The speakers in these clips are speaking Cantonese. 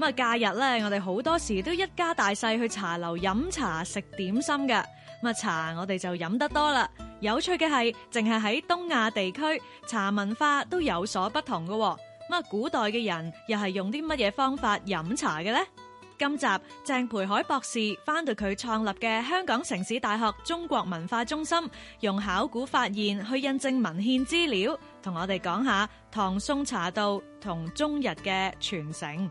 咁啊！假日咧，我哋好多時都一家大細去茶樓飲茶食點心嘅，乜茶我哋就飲得多啦。有趣嘅係，淨係喺東亞地區茶文化都有所不同嘅。咁古代嘅人又係用啲乜嘢方法飲茶嘅呢？今集鄭培凱博士返到佢創立嘅香港城市大學中國文化中心，用考古發現去印證文獻資料，同我哋講下唐宋茶道同中日嘅傳承。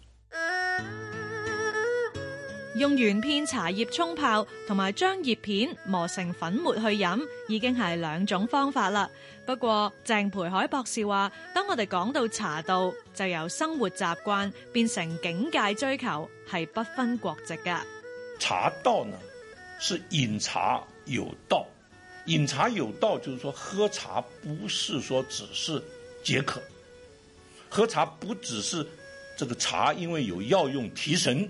用原片茶葉沖泡，同埋將葉片磨成粉末去飲，已經係兩種方法啦。不過鄭培海博士話，當我哋講到茶道，就由生活習慣變成境界追求，係不分國籍噶。茶道呢，是飲茶有道，飲茶有道，就是說喝茶不是說只是解渴，喝茶不只是這個茶，因為有藥用提神。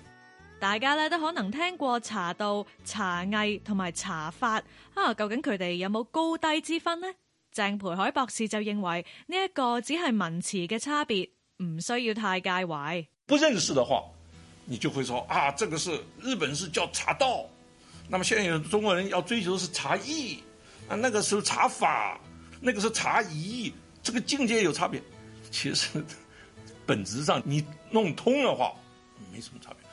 大家咧都可能聽過茶道、茶藝同埋茶法啊，究竟佢哋有冇高低之分呢？鄭培海博士就認為呢一個只係文詞嘅差別，唔需要太介懷。不認識的話，你就會說啊，這個是日本是叫茶道，那麼現在有中國人要追求的是茶藝啊，那個是茶法，那個是茶意。這個境界有差別。其實本質上你弄通嘅話，沒什麼差別。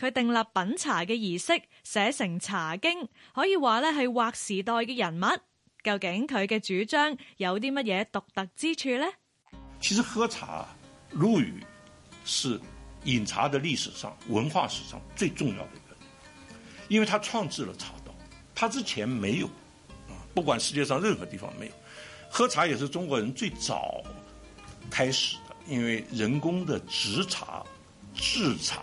佢訂立品茶嘅儀式，寫成《茶經》，可以話咧係劃時代嘅人物。究竟佢嘅主張有啲乜嘢獨特之處咧？其實喝茶，陸羽是飲茶的歷史上、文化史上最重要的一個人，因為他創制了茶道。他之前沒有，不管世界上任何地方沒有。喝茶也是中國人最早開始的，因為人工的植茶、製茶。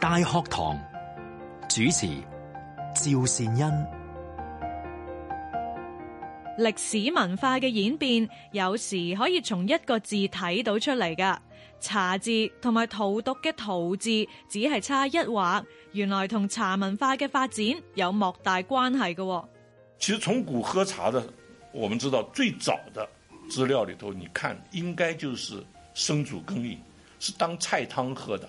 大學堂主持趙善恩，歷史文化嘅演變有時可以從一個字睇到出嚟噶。茶字同埋荼毒嘅荼字只係差一畫，原來同茶文化嘅發展有莫大關係嘅。其實從古喝茶的，我們知道最早的資料裏頭，你看應該就是生煮羹飲，是當菜湯喝的。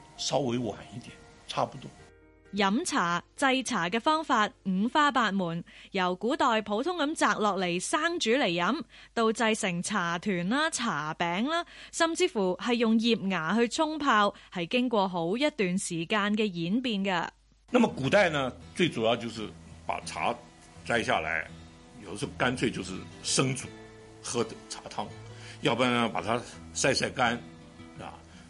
稍微晚一點，差不多。飲茶製茶嘅方法五花八門，由古代普通咁摘落嚟生煮嚟飲，到製成茶團啦、茶餅啦，甚至乎係用葉芽去沖泡，係經過好一段時間嘅演變㗎。那麼古代呢，最主要就是把茶摘下來，有時乾脆就是生煮喝茶湯，要不然呢，把它曬曬乾。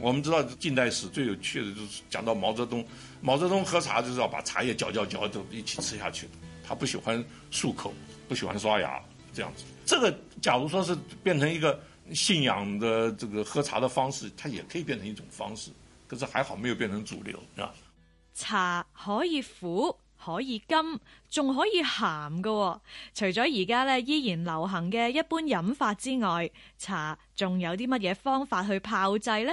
我們知道近代史最有趣的就是講到毛澤東，毛澤東喝茶就是要把茶葉嚼嚼嚼，就一起吃下去。他不喜歡漱口，不喜歡刷牙，這樣子。這個，假如說是變成一個信仰的這個喝茶的方式，它也可以變成一種方式。可是還好沒有變成主流，是吧？茶可以苦，可以甘，仲可以鹹㗎喎。除咗而家呢依然流行嘅一般飲法之外，茶仲有啲乜嘢方法去炮製呢？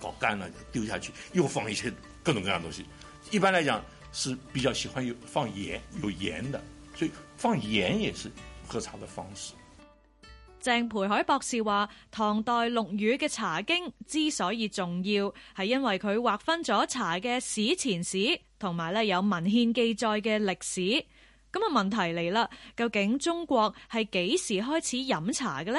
搞乾了丟下去，又放一些各種各樣嘅東西。一般來講是比較喜歡有放鹽，有鹽的，所以放鹽也是喝茶的方式。鄭培海博士話：唐代陸羽嘅《茶經》之所以重要，係因為佢劃分咗茶嘅史前史同埋咧有文獻記載嘅歷史。咁啊，問題嚟啦，究竟中國係幾時開始飲茶嘅呢？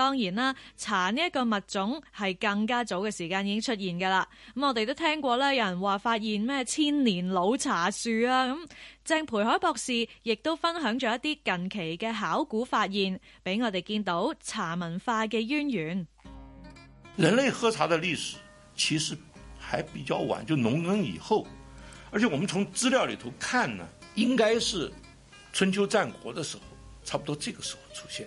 當然啦，茶呢一個物種係更加早嘅時間已經出現嘅啦。咁我哋都聽過啦，有人話發現咩千年老茶樹啊咁。鄭培海博士亦都分享咗一啲近期嘅考古發現，俾我哋見到茶文化嘅淵源。人類喝茶嘅歷史其實還比較晚，就農耕以後，而且我們從資料裏頭看呢，應該是春秋戰國嘅時候，差不多這個時候出現。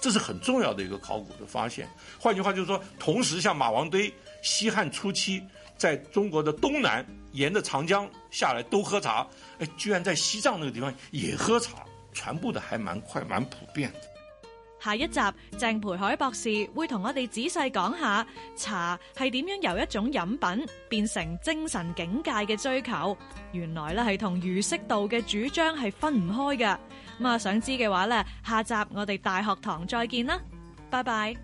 這是很重要的一個考古的發現，換句話就是說，同時像馬王堆西漢初期，在中國的東南，沿着長江下來都喝茶，誒，居然在西藏那個地方也喝茶，傳播的還蠻快，蠻普遍的。下一集鄭培海博士會同我哋仔細講下茶係點樣由一種飲品變成精神境界嘅追求，原來咧係同儒釋道嘅主張係分唔開嘅。咁想知嘅話呢，下集我哋大學堂再見啦，拜拜。